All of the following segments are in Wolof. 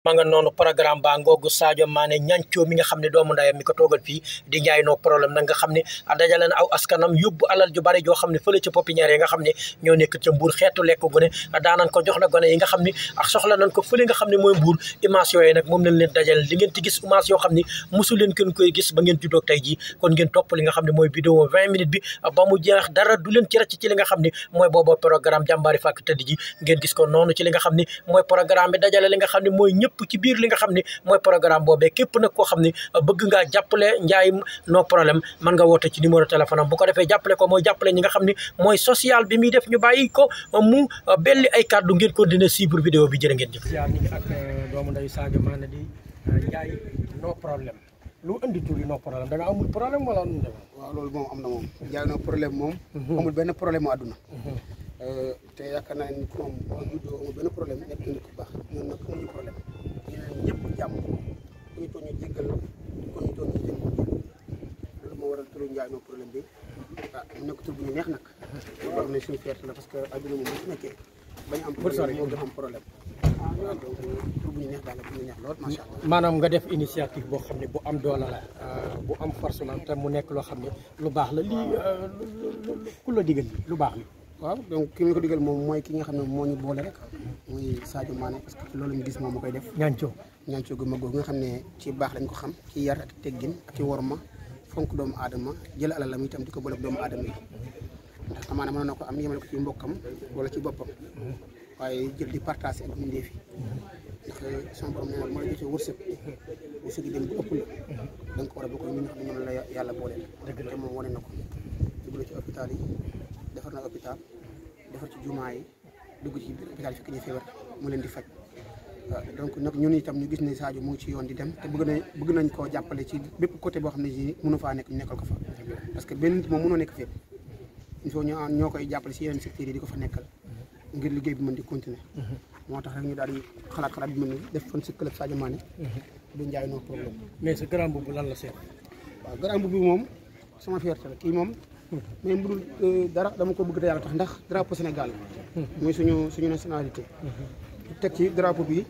ma nga noonu programme ba ngoogu Sadio Mané ñancoo mi nga xam ne doomu ndayam mi ko toogal fii di njaay noo problème nag nga xam ne dajale na aw askanam yóbbu alal ju bari joo xam ne fële ca vingt minutes bi ba mu dara du ci rëcc ci li nga xam ne mooy programme dajale nga xam ne mooy ñëpp lépp biir li nga xam ne mooy programme boobee képp nag koo xam ne euh, bëgg ngaa jàppale njaay no problème man nga woote ci numéro téléphone am ko defee jàppale ko mooy jàppale ñi nga xam ne mooy social bi muy def ñu bàyyi ko euh, mu euh, belli ay kàddu ngeen continuer suivre vidéo bi jërë ngeen jëf ak doomu ndeyu Sadio Mané di njaay no problème lu andi tur yi no problème da nga amul problème waaw loolu moom am na moom njaay no problème moom mhm. amul benn problème mu àdduna mhm. Euh, te yaakaar naa ni moom moom ñu doo amul benn problème baax ñun nag amuñu problème ñu leen ñëpp jàmm ñu toog moo waral turu problème bi ah mu nekk tur bu ñu neex nag loolu am na suñu fierté la parce que adduna moom su nekkee bañ am problème ah, maanaam nga def initiative boo xam ne bu am doole la ah, bu am force la te mu nekk loo xam ne lu baax la lii euh, ku la digal lu baax li waaw donc ki ma ko digal moom mooy ki nga xam ne moo ñu boole rek muy Sadio Mané parce que loolu ñu gis moom mu koy def. ñaancoo ñaancoo gu mag googu nga xam ne ci baax lañ ko xam ci yar ak teggin ak ci ma fonk doomu aadama jël alalam itam di ko boole doomu aadama yi ndax amaana mënoon na ko am yemale ko ci mbokkam wala ci boppam waaye jël di partager ak na moo la jotee wërsëg wërsëg yi ëpp la da nga ko war a bokk ak ñi nga xam ne ñoom la yàlla boole la. dëgg la te moom wane na ko dugg ci hôpital yi. defar na hôpital defar ci jumaa yi dugg ci hôpital fekk ñu feebar mu leen di faj donc nag ñun itam ñu gis ne Sadio mu ngi ci yoon di dem te bëgg nañ bëgg nañ koo jàppale ci bépp côté boo xam ne si mënu faa nekk ñu nekkal ko fa parce que benn nit moom mënoo nekk fépp ñoo koy jàppale si yeneen secteurs di ko fa nekkal ngir liggéey bi mën di continuer moo tax rek ñu daal di xalaat xalaat bi mën ni def fan si club Sadio Mané du njaay noo problème mais sa grand boobu lan la seet waaw grand boobu moom sama fierté la kii moom mais bu dul euh, dara dama ko bëgg te yàlla tax ndax drapeau Sénégal muy suñu suñu nationalité teg ci drapeau bi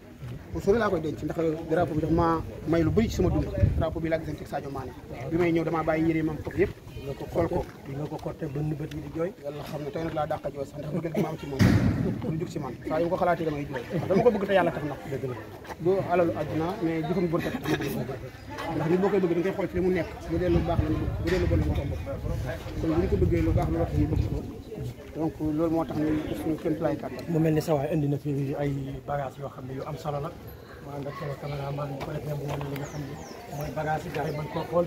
bu sori laa koy denc ndax drapeau bi daf maa may lu bëri ci sama dund drapeau bi laa gisante ak Sadio Mané bi may ñëw damaa bàyyi yére mam foofu yëpp nga ko xool ko nga ko korte bënn bët yi di jooy yàlla xam ne tey nag laa dàq a jooy sax ndax bëgg gi ma am ci moom lu jug si man saa yu ko xalaatee damay jooy dama ko bëgg te yàlla tax nag dëgg la du alalu àdduna mais jëfam bon tax dama bëgg ndax nit boo koy bëgg da ngay xool ci li mu nekk bu dee lu baax la bu dee lu bon la ko bëgg kon bu ñu ko bëggee lu baax la wax ñu bëgg ko donc loolu moo tax ñu suñu kenn mu mel ni sa waay indi na fi ay bagage yoo xam ne yu am solo la maa nga teew caméraman bu ko defee mooy bagage yi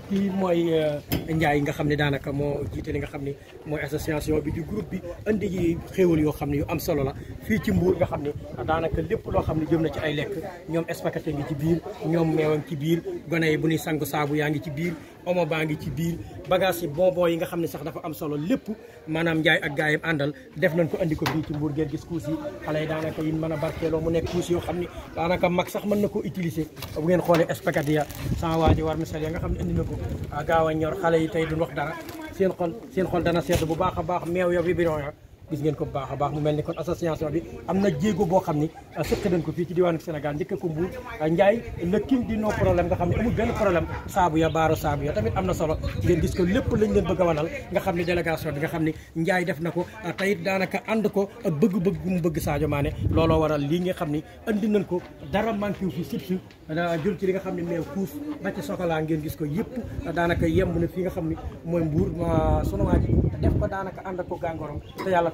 kii mooy eh, Ndiaye nga xam ne daanaka moo jiite li nga xam ne mooy association bi di groupe bi indi yi xéewal yoo xam ne yu am solo la fii ci mbuur nga xam ne daanaka lépp loo xam ne jëm na ci ay lekk ñoom spaghetti ngi ci biir ñoom meew ci biir gone yi bu ñuy sangu saabu yaa ngi ci biir omo baa ngi ci biir bagage yi bonbon yi nga xam ne sax dafa am solo lépp maanaam njaay ak gaayam àndal def nañ ko indi ko fii ci mbuur ngeen gis kuus yi xale yi daanaka yi mën a loo mu nekk kuus yoo xam ne daanaka mag sax mën na ko utiliser bu ngeen xoolee spaghetti ya sans waa ji war misal ya nga xam ne indi na ko gaaw a ñor xale yi tey du ndox dara seen xol seen xol dana sedd bu baax a baax meew ya biberon ya gis ngeen ko bu baax a baax mu mel ni kon association bi am na jéego boo xam ni euh, sëq nañ ko fii ci diwaan Sénégal njëkkee ko Mbour euh, Ndiaye le king problème nga xam ne amul benn problème saabu ya baaro saabu ya tamit am na solo ngeen gis ko lépp lañ leen bëgg a wanal nga xam ne délégation bi nga xam ne Ndiaye def na ko euh, te it daanaka ànd ko bëgg-bëgg bu bëgg saajo maane looloo waral lii nga xam ni andi nañ ko dara manqué wu fi surtout jël ci li nga xam ne meew kuuf ba ci sokolaa ngeen gis ko yëpp daanaka yemb na fi nga xam ni mooy Mbour sunu waa ji def ko daanaka ànd ko gàngoroom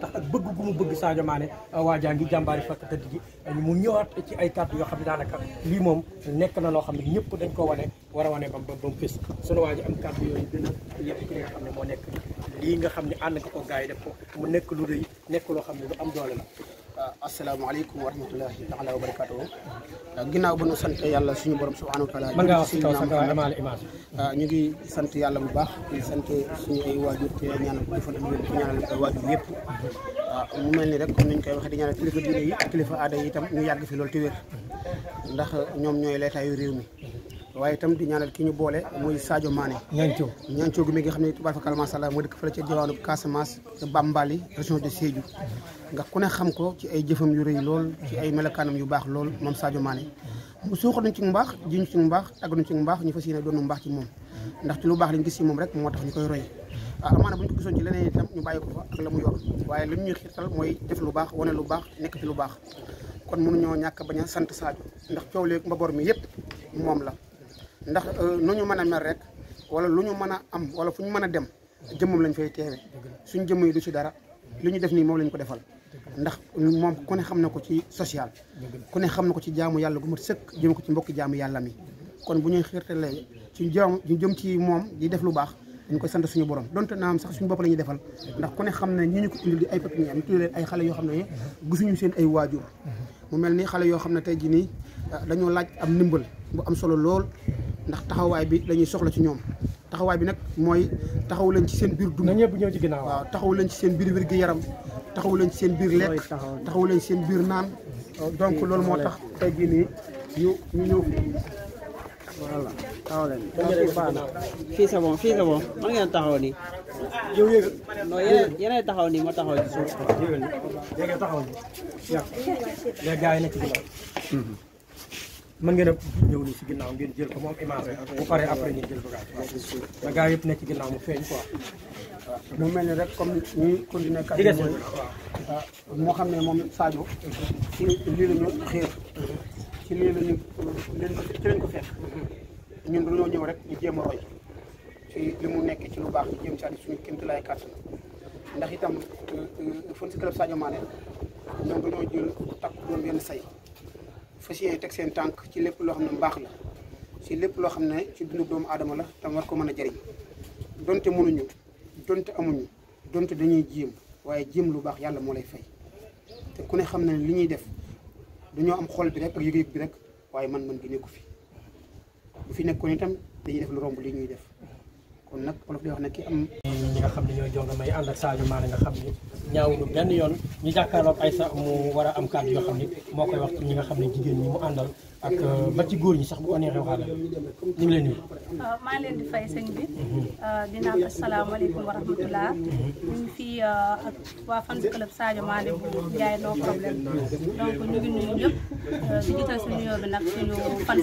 tax ak bëgg gu mu bëgg Sadio Mané euh, waajaa ngi jàmbaari fakk tëdd ji mu ñëwaat ci ay kàddu yoo xam ne daanaka lii moom nekk na loo xam ne ñëpp dañ ko wane war a wane ba ba mu fës sunu waa ji am kàddu yooyu gën a yëpp ki nga xam ne moo nekk lii nga xam ne ànd nga ko gars yi def ko mu nekk lu rëy nekk loo xam ne lu am doole la Euh, asalaamaaleykum wa rahmatulahi taala wa barakaatu euh, ginnaaw ba nu sant yàlla suñu borom subhanahu wa taala mën ngaa wax si kaw sa kaw dama la image euh, ñu ngi sant yàlla bu baax di sant suñu ay waajur te ñaanal dafa a di ñaanal ay waajur yëpp waaw mu mel ni rek comme ni ñu koy waxee di ñaanal kilifa diine yi kilifa aada yi itam ñu yàgg fi loolu te wér ndax ñoom ñooy leetaayu réew mi waaye itam di ñaanal ki ñu boole muy Sadio Mané ñancoo ñancoo gu mi nga xam ne tubaarfakal masha Allah moo dëkk fële ca diwaanu Casamance Bambali région de Sédhiou nga ku ne xam ko ci ay jëfam yu rëy lool ay melokaanam yu baax lool moom Sadio Mané mu suuxaluñ ci mu baax jiñ ci mu baax ci mu baax ñu fas yéene doon mu ci moom ndax lu baax lañ gis ci moom rek moo tax ñu koy roy ah amaana bu ñu ko gisoon ci leneen itam ñu bàyyi ko fa ak la mu yor waaye lu ñuy xiirtal mooy def lu baax wane lu baax nekk ci lu baax kon mënuñoo ñàkk bañ a sant Sadio ndax coow léegi mbaboor mi yëpp moom la ndax euh, nu ñu mën a mel rek wala lu ñu mën a am wala fu ñu mën a dem jëmmam lañu fay teewe suñ jëmm yi du ci dara lu ñu def nii moom lañu ko defal ndax moom ku ne xam na ko ci social ku ne xam na ko ci jaamu yàlla gu mat sëkk jëm ko ci mbokki jaamu yàlla mi kon bu ñuy xiirtalee ci jaam ñu jëm ci moom di def lu baax dañ koy sant suñu borom donte am sax suñu bopp la ñuy defal ndax ku ne xam ne ñi ñu ko indil di ay pépinière ñu tuddee leen ay xale yoo xam ne gisuñu seen ay waajur mu mel nii xale yoo xam ne tey jii nii ah, dañoo laaj am ndimbal bu am solo lool ndax taxawaay bi lañuy soxla ci ñoom taxawaay bi nag mooy taxaw leen ci seen biir dund. ñëpp ñëw ci ginnaaw waaw taxaw leen ci seen biir wér gi yaram taxaw leen ci seen biir lekk taxaw leen ci seen biir naan donc loolu moo tax tey jii nii ñu ñu ñëw voilà taxaw leen fii c'est bon fii c'est man ngeen taxaw nii ma taxaw ci suuf taxaw yi nekk mën ngeen a ñëw nii si ginnaaw ngeen jël ko moom image bi bu paree après ngeen jël bagage bi ba yëpp ne ci ginnaaw mu feeñ quoi. mu mel ni rek comme ñi continué kàddu gi moo xam ne moom Sadio ci lii la ñu ci lii la leen ko ci leen ko fekk ñun dañoo ñëw rek ñu jéem a roy ci li mu nekk ci lu baax ñu jéem si ànd suñu kéem lay kàttan ndax itam euh, euh, fan si club Sadio Mané ñoom dañoo jël takku doon benn say. fas yéene teg seen tànk ci lépp loo xam ne mbaax la ci lépp loo xam ne ci dundu doomu aadama la tam war ko mën a jariñ donte mënuñu donte amuñu donte dañuy jéem waaye jéem lu baax yàlla moo lay fay te ku ne xam na ne li ñuy def dañoo am xool bi rekk ak yëg-yëg bi rek waaye man-man bi nekku fi bu fi nekkoon itam dañuy def lu romb li ñuy def kon nag olof di wax ne ki am. ñi nga xam ne ñooy jonga may ànd ak Sadio Mané nga xam ne ñaawuñu benn yoon ñu jàkkaarloog ay sax mu war am kàddu yoo xam ne moo koy wax ñi nga xam ne jigéen ñi mu àndal ak euh, ba ci góor ñi sax bu ko neexee waxaale ñu ngi leen nuyu. Euh, maa ngi leen di fay sëñ bi. Mhm. Euh, dinaa asalaamaaleykum wa rahmatulah. Mhm. ñu ngi fii ñu ngi nuyu ñëpp di jiital nuyoo bi nag suñu fan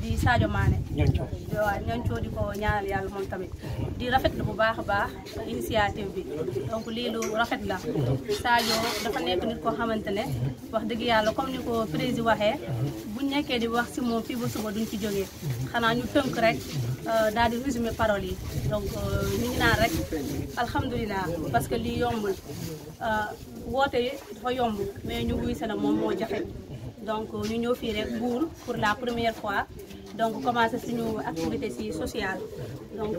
di Sadio Mané. ñooñu coow ko ñaanal yàlla yàlla moom tamit di rafet rafetlu bu baax a baax initiative bi donc lii lu rafet la Sadio dafa nekk nit koo xamante ne wax dëgg yàlla comme ni ko président waxee bu nekkee di wax si moom fii ba suba duñ ci jógee xanaa ñu tënk rek euh, daal di résumer paroles yi donc euh, ñu ngi naan rek alhamdulilah parce que lii yombul euh, woote dafa yomb mais ñu wuy se la moom moo jafe donc ñu ñëw fii rek Mbour pour la première fois donc commencé suñu activité si sociale donc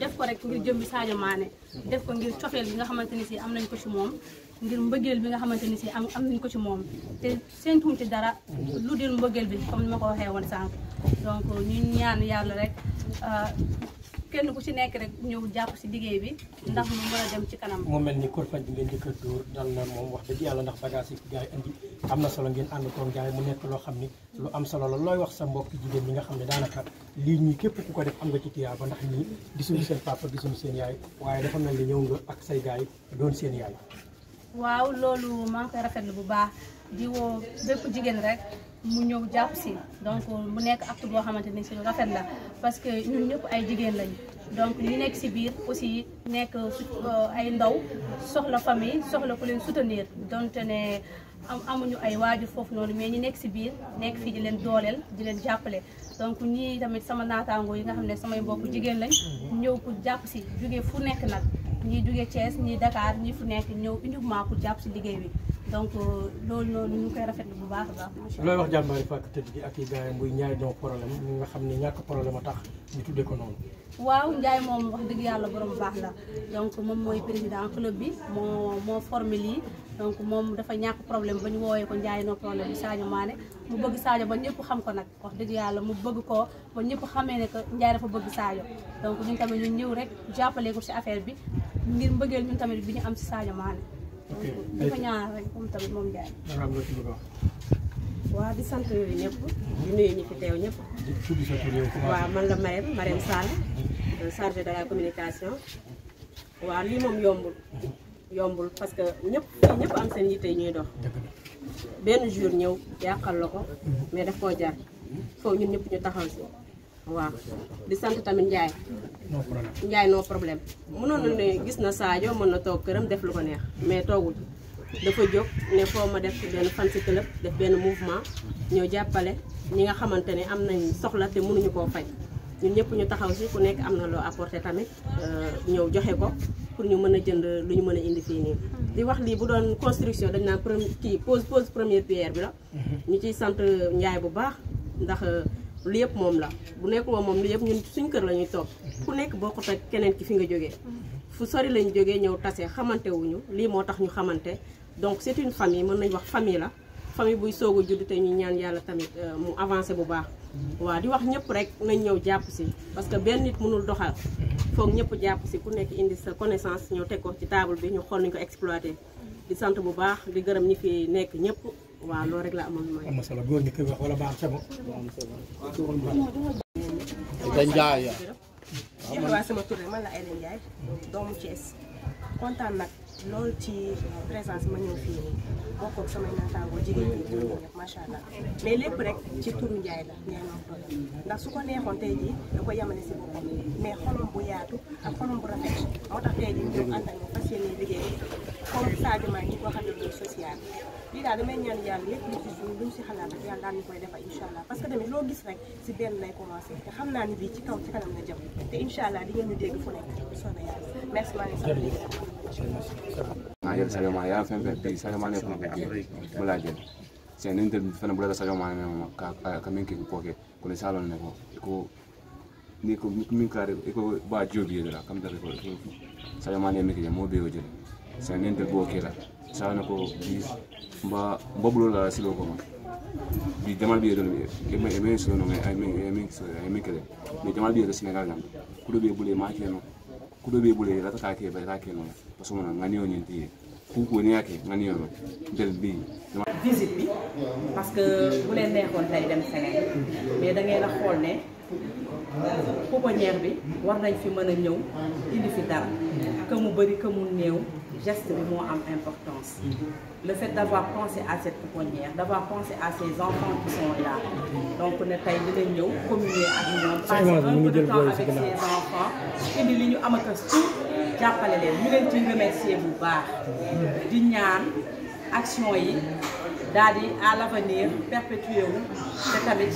def ko rek ngir jëmbi Sadio Mané def ko ngir cofeel bi nga xamante ni si am nañ ko si moom ngir mbëggeel bi nga xamante ni si am am nañ ko ci moom te seentum ci dara lu dul mbëggeel bi comme nu ma ko waxee woon sànq donc ñu ñaan yàlla rek euh, kenn ku ci nekk rek ñëw jàpp si liggéey bi ndax mu mën a dem ci kanam mu mel ni kor faj bi ngeen di kër dóor dal na moom wax dëgg yàlla ndax bagage yi indi am na solo ngeen ànd koon gars mu nekk loo xam ni lu am solo la wax sa mbokk jigéen ñi nga xam ne daanaka lii ñuy képp ku ko am nga ci tiyaa ba ndax ñii gisuñu seen papa gisuñu seen yaay waaye dafa mel ak say gars yi doon seen yaay waaw loolu maa ngi koy rafetlu bu baax di woo bépp jigéen rek mu ñëw jàpp si donc mu nekk acte boo xamante ni si rafet la parce que ñun ñëpp ay jigéen lañu donc ñi nekk si biir aussi nekk su euh, ay ndaw soxla famille soxla ku leen soutenir donte ne am amuñu ay waajur foofu noonu mais ñi nekk ci biir nekk fii di leen dooleel di leen jàppale donc ñii tamit sama naataangoo yi nga xam ne samay mbokk jigéen lañ ñëw pour jàpp si jóge fu nekk nag ñii jóge Thiès ñii Dakar ñi fu nekk ñëw uniquement pour jàpp si liggéey bi donc euh, loolu noonu ñu koy rafetlu bu baax a baax. macha looy wax jàmbaari fàkk tëdd bi ak i gars yi muy Ndiaye doo problème ñu nga xam ne ñàkk problème a tax ñu tuddee ko noonu. waaw Ndiaye moom wax dëgg yàlla borom baax la donc moom mooy président club bi moo moo formé lii donc moom dafa ñàkk problème ba ñu woowee ko Ndiaye no problème bi maane mu bëgg Sadio ba ñëpp xam ko nag wax dëgg yàlla mu bëgg ko ba ñëpp xamee ne que Ndiaye dafa bëgg Sadio donc ñun tamit ñu ñëw rek jàppale ko ci affaire bi ngir mbëggeel ñun tamit bi ñu am ci Sadio Mané di ko ñaanal rek di sant ñëpp di nuyu ñi fi teew ñëpp. waa man la Marème Marème Sall. chargée de la communication. waa lii moom yombul. yombul parce que ñëpp ñëpp am seen yitte ñuy dox. benn jour ñëw yàqal la ko. Mhm. mais daf koo jar. foofu ñun ñëpp ñu taxaw si. waaw di sant tamit Ndiaye. Ndiaye no problème mënoon na ne gis na Sadio mën na toog këram def lu ko neex mais toogul dafa jóg ne foo ma def benn fan si club def benn mouvement ñoo jàppale ñi nga xamante ne am nañ soxla te mënuñu koo faj ñun ñëpp ñu taxaw si ku nekk am na loo apporté tamit euh, ñëw joxe ko pour ñu mën a jënd lu ñu mën a indi fii nii. di wax lii bu doon construction dañ naan premier kii pose pose première pierre bi la. Mhm. ñu ciy sant Ndiaye bu baax ndax euh, lu yëpp moom la bu nekkul woon moom yëpp ñun suñ kër la ñuy toog. ku nekk bokkut ak keneen ki fi nga jógee fu sori lañ jógee ñëw tase xamantewuñu lii moo tax ñu xamante donc c'est une famille mën nañ wax famille la famille buy soog a judd te ñu ñaan yàlla tamit euh, mu avancé bu baax waaw di wax ñëpp rek nañ ñëw jàpp si parce que benn nit mënul doxal foog ñëpp jàpp si ku nekk indi sa connaissance ñoo teg ko ci table bi ñu xool nañu ko exploité di sant bu baax di gërëm ñi fi nekk ñëpp waaw loolu rek la amoon mooy. am na solo góor ñi koy wax wala baax waaw sama tur man la Aïda Ndiaye doomu Thiès kontaan nag lool ci présence ma ñëw fii nii bokk samay naataangoo jigéen ñi di ko def macha allah mais lépp rek ci turu Ndiaye la Ndiaye moom ndax su ko neexoon tey jii da ko yemale si boppam mais xolom bu yaatu ak xolom bu rafet moo tax tey jii ñu ànd ak ñoom fas yéene liggéey comme Sadio Mané ñi ko xam ne social. lii daal damay ñaan yàlla lépp lu ci suuf lu si xalaat ak yàlla daal ñu koy defal incha allah parce que tamit loo gis rek si benn lay commencé te te incha allah di ngeen ñu dégg fu nekk nekk na ko ma ka ka min kii kooke ko ne ne ko ko ni ko min kaare ko kam da ko Sadio Mané mi ke mo beyo jël san nen boo sa sana ko bi mba mbablo la silo ko ma bi jamal bi yedo e me so ay me kele bi yedo senegal nan kudo be bule ma keno kudo la ta ke ba ta keno parce que ngani yo nyenti ku ko ne yake ngani yo del bi visite bi parce que bu leen neexoon tey dem feneen mais da ngeen a xool ne pouponnière bi war nañ fi mën a ñëw indi fi dara que mu néew geste bi moo am importance mm-hmm. le fait d'avoir pensé à cette pouponnière d'avoir pensé à ces enfants qui sont là mm-hmm. donc ne tey dinañ ñëw communier ak ñoom ñu un peu de temps avec ces li ñu amata jàppale leen ñu leen ci remercier bu baax mm-hmm. di ñaan action yi daal di à l'avenir perpétuer wu te tamit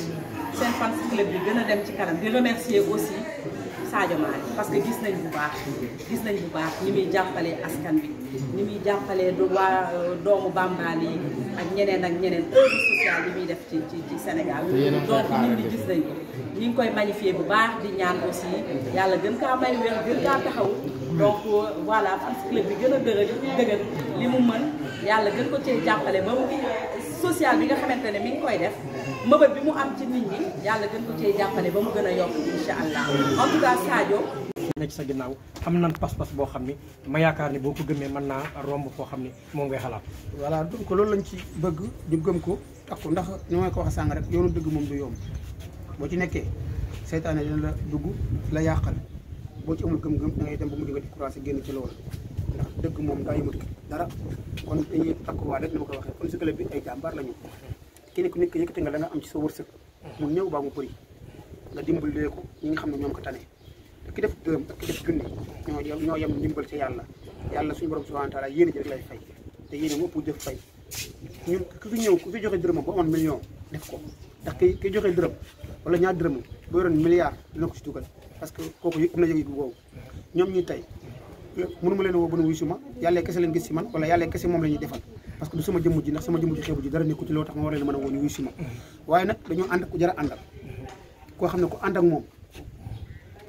seen fan club bi gën a dem ci kanam di remercier aussi Sadio Mané parce que gis nañ bu baax gis nañ bu baax ñi muy jàppalee askan bi ñi muy jàppalee waa doomu euh, Bambal yi ak ñeneen ak ñeneen œuvre sociale yi muy def ci ci ci Sénégal donc ñun gis nañ ko ñi ngi koy magnifier bu baax di ñaan aussi yàlla gën kaa may wér gën kaa taxaw donc euh, voilà parce bi gën a dëgër dëgër li mu mën yàlla gën ko cee jàppale ba mu ngi social bi nga xamante ne mi ngi koy def mëbët bi mu am ci nit ñi yàlla gën ko cee jàppale ba mu gën a yokk incha allah en tout cas Sadio. nekk sa ginnaaw am nan pas-pas boo xam ni ma yaakaar ni boo ko gëmee mën naa romb foo xam ni moom ngay xalaat. voilà donc loolu lañ ci bëgg ñu gëm ko takku ndax ñu ma ko wax sàng rek yoonu dëgg moom du yomb boo ci nekkee seytaane dina la dugg la yàqal boo ci amul gëm-gëm da ngay dem ba mu jóge di génn ci loolu. ndax dëgg moom daa yëngu dara kon dañuy takkuwaat rek ni ma ko waxee kon si club bi ay jàmbaar la kenn ku nekk yëkkati nga la nga am ci sa wërsëg mu néew baa mu bëri nga dimbalee ñi nga xam ne ñoom ko tane te ki def dërëm ak ki def junni ñoo ñoo yem ndimbal ci yàlla yàlla suñu borom subhanahu wa taala yéene ji rek lay fay te yéene moo ëpp jëf fay ñun ku fi ñëw ku fi joxee dërëm bu amoon million def ko ndax ki ki joxe dërëm wala ñaar dërëm bu yoroon milliard parce que kooku am na mënuma leen woo ba nu wuy si ma yàlla kese leen gis si man wala yàlla kese moom la ñuy defal parce que du sama jëmm ji ndax sama jëmm ji xeebu ji dara nekku ci loo tax ma war leen mën a woo ni wuy si ma waaye nag dañoo ànd ak ku jar a àndal koo xam ne ku ànd ak moom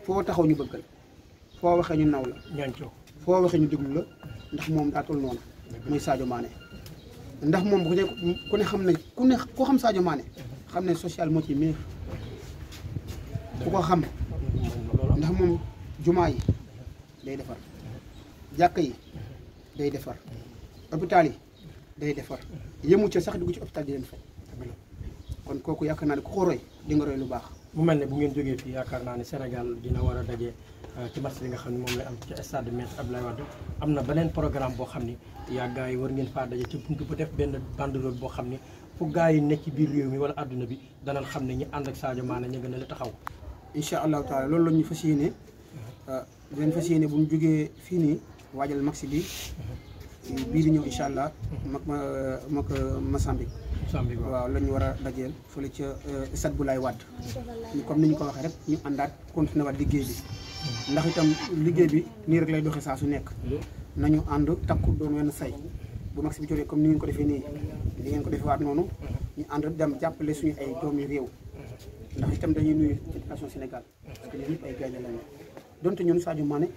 foo taxaw ñu bëggal foo waxee ñu naw la foo waxee ñu déglu la ndax moom daa toll noonu muy Sadio Mané ndax moom bu ku ne xam ne ku ne koo xam Sadio Mané xam ne social moo ci miir ku ko xam ndax moom jumaa yi day defar jàkka yi day defar hôpital yi day defar yëmu ca sax dugg ci hôpital di leen faj kon kooku yaakaar naa ne ku ko roy di roy lu baax mu mel ne bu ngeen jógee fii yaakaar naa ne Sénégal dina war a daje euh, ci match bi nga xam ne moom lay am ci stade Maître Abdoulaye Wade am na beneen programme boo xam ni yaa gars yi war ngeen faa daje ci buntu bu def benn banderole boo xam ni fu gars yi nekk ci biir réew mi wala àdduna bi danañ xam ne ñi ànd ak Sadio Mané ñu gën a taxaw incha allahu taala la ñu fas yéene dinañ euh, fas yéene bu fii nii waajal mag si bii di ñëw incha allah mag ma mag Massambik waaw la ñu war a dajeel fële ca eh, sat bu laay wat comme ni ñu ko waxee rek ñu àndaat continué waat liggéey bi ndax itam liggéey bi nii rek lay doxee saa su nekk na ñu ànd takku doon wenn say bu mag si bi jotee comme ni ngeen ko defee nii li ngeen ko defee waat noonu ñu ànd dem jàppale suñu ay doomi réew ndax itam dañuy nuyu population Sénégal parce que ñun ñëpp ay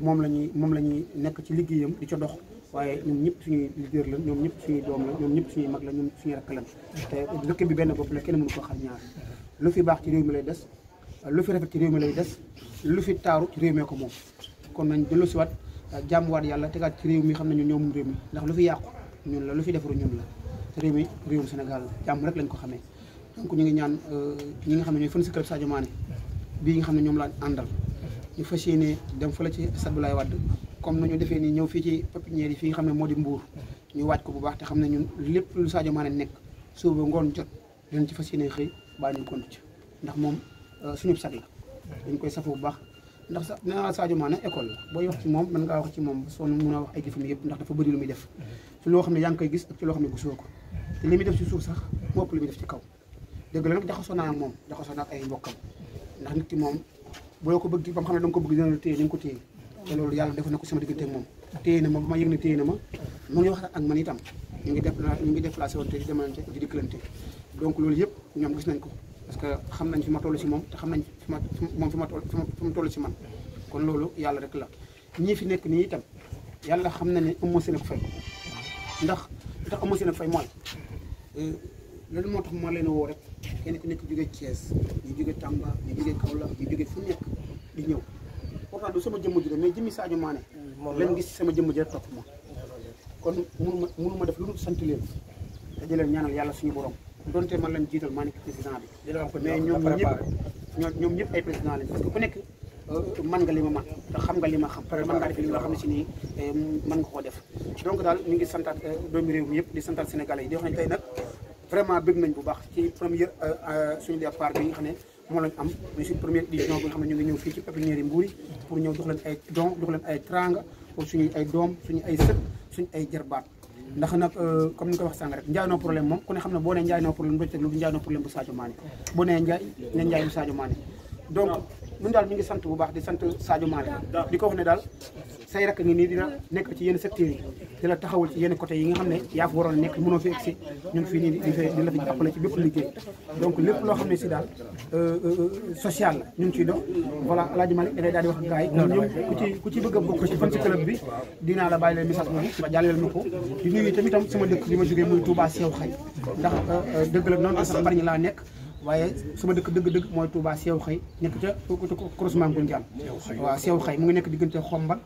moom la ñuy moom la ñuy nekk ci liggéeyam di ca dox waaye ñoom ñëpp suñuy leader la ñoom ñëpp suñu doom la ñoom ñëpp suñu mag la ñoom ñëpp suñuy rakk la te dëkk bi benn bopp la kenn mënu ko xar ñaar fi baax ci réew mi lay des lu fi rafet ci réew mi lay des lu fi taaru ci mee ko moom kon nañ dellu siwaat euh, jàmmuwaat yàlla tegaat ci réew mi xam nañu ñoom réew mi ndax lu fi yàqu ñun la lu fi defaru ñun la te réew mi réewum Sénégal jàmm rek lañ ko xamee donc ñu ngi ñaan euh, ñi nga xam ne ñooy fan si club Sadio Mané bii nga xam ne ñoom laa àndal ñu fas yéene dem fa la ci Sabulaay Wàdd comme nañu defee nii ñëw fii ci pépinière yi fi nga xam ne moo di mbuur ñu waaj ko bu baax te xam ne ñun lépp lu Sadio Mané nekk suba ngoon jot dinañ ci fas yéene xëy baa ñu kontu ndax moom euh, suñu sag la dañ koy safoo bu baax ndax sa nee naa Sadio Mané école la booy wax ci moom mën ngaa wax ci moom soo mun a wax ay jëfam yëpp ndax dafa bari lu muy def ci loo xam ne yaa ngi koy gis ak ci loo xam ne gisoo ko te li muy def ci suuf sax moo ëpp li muy def ci kaw dëgg la nag jaxasoo naa ak moom jaxasoo naa ak ay mbokkam ndax nit ki moom boo ko bëgg ba mu xam ne da nga ko bëgg dina la téye ni nga ko téye te loolu yàlla def na ko sama diggante moom téye na ma ba ma yëg ne téye na ma mu ngi wax ak man itam ñu ñu ngi déplacé woon te di demalante di dikkalante donc loolu yëpp ñoom gis nañ ko parce que xam nañ fi ma toll si moom te xam nañ fi ma moom ma toll fi ma toll si man kon loolu yàlla rek la ñii fi nekk nii itam yàlla xam na ne Eumeu Sène ko fay ndax ndax Eumeu Sène ko fay mooy euh, loolu moo tax ma leen woo rek kenn ku nekk jógee Thiès ñu jógee Tamba ñu jógee Kaolack ñu jógee fu nekk di ñëw pourtant du sama jëmm ji de mais jëmmi Sadio Mané leen gis sama jëmm ji rek topp ma kon mënuma mënuma def lu dul sant leen te di leen ñaanal yàlla suñu borom donte man lañ jiital maa nekk président bi mais ñoom ñëpp ñoom ñëpp ay président lañ parce que bu nekk euh, man nga li ma te xam nga li ma xam man ngaa def li xam ne si nii euh, mën nga koo def donc daal mu ngi santaat euh, doomi réew mi yëpp di santaat sénégalais yi di wax ne tey nag vraiment bëgg nañ bu baax ci première suñu départ bi nga xam ne moo lañ am muy suñ première édition bi nga xam ne ñu ngi ñëw fii ci pour ñëw jox ay don pour suñu ay doom suñu ay sët suñu ay jarbaat ndax nag euh, comme ni ko wax sànq rek njaay noo problème moom ku ne xam ne boo nee njaay noo problème doo ci bu Sadio Mané boo nee njaay ne njaay bu Sadio Mané donc ñun daal ñu ngi sant bu baax di sant Sadio Mané di ko wax ne daal say rakk ngi nii dina nekk ci yenn secteurs yi di la taxawal ci yenn côté yi nga xam ne yaa fa waroon nekk mënoo fi egsi ñu ngi fii nii di di la ci bépp liggéey donc lépp loo xam ne si daal euh, euh, euh, social la ñu ngi ciy dox voilà Alaaji Malick dafay daal di wax ak yi ñoom ku ci bëgg a bokk ci fan la bàyyi leen message boobu ma ko di nuyu tamitam sama dëkk bi ma jógee muy Touba Sew Xay ndax dëgg la noonu sax bari ñi laa nekk waaye sama dëkk dëgg dëgg mooy Touba Sew Xëy nekk ca croisement Ngoundiane waaw Sew Xëy mu ngi nekk diggante Xombal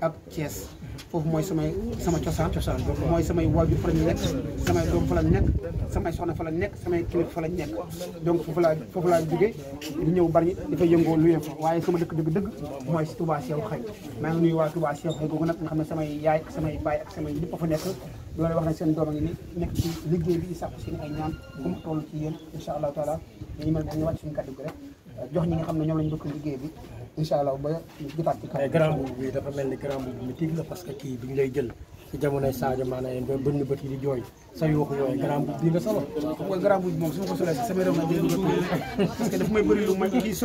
ak Thiès foofu mooy samay sama cosaan cosaan mooy samay waajur fa lañ nekk samay doom fa lañ nekk samay soxna fa lañ nekk samay kilifa fa lañ nekk donc foofu laa foofu laa jógee di ñëw bari di fa yëngoo lu yëngu waaye sama dëkk dëgg dëgg mooy si Touba Seew Xay maa ngi nuyu waa Touba Seew Xay googu nag xam ne samay yaay ak samay baay ak samay lépp fa wax na seen doom a nekk ci liggéey bi di sàkku seen ay ñaan bu mu toll ci yéen incha allah taala dañu mel dañu rek jox ñi nga xam ne ñoom lañ bëgg liggéey bi incha allah ba jotaat ci kaw. parce que kii bi ñu lay jël ci jamonoy Sadio Mané ba bënn bët yi di jooy sa yoo xam grand boobu bii moom su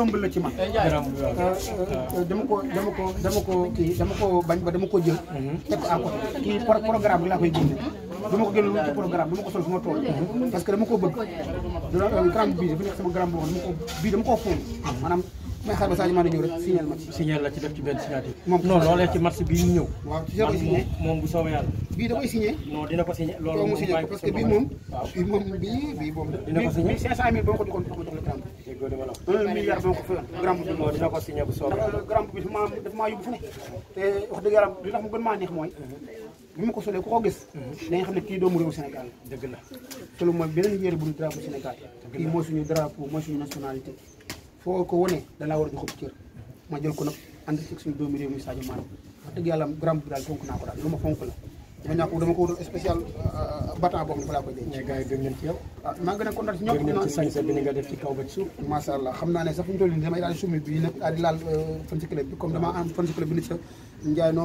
ma la ci ma. grand boobu waaw ba dama ko jël. Mhm. teg ko à côté ma tool mhm. parce que dama ko bëgg. dina euh, grand dafa nekk sama grand boo xam dama ko bii dama koo fóon mhm. maanaam. may xaar ba Sadio Mané ñëw rek signal ma ci. signal la ci def ci benn signature. moom non loolee ci match bii ñu ñëw. moom bu soobee yàlla. bii dafa mu gën maa neex mooy. bi ma ko solee ku ko gis. Mhm. dañuy xam ne kii doomu réewu Sénégal dëgg la te mooy beneen bu dul drapeau Sénégal. kii mooy suñu drapeau mooy suñu nationalité foo ko wone dalaa war a jox ko cër ma jël ko nag ànd ci suñu doomi réew mi Sadio Mané wax dëgg yàlla grand bi daal fonk naa ko daal lu ma fonk la dama ñàkk ko wutal spécial euh, batan boobu dafa laa ah, xam naa ne sax fi ñu toll nii damay daal di soumis bi nag daal di euh, si club bi comme damaa am fan si club bi nit sa Ndiaye noonu.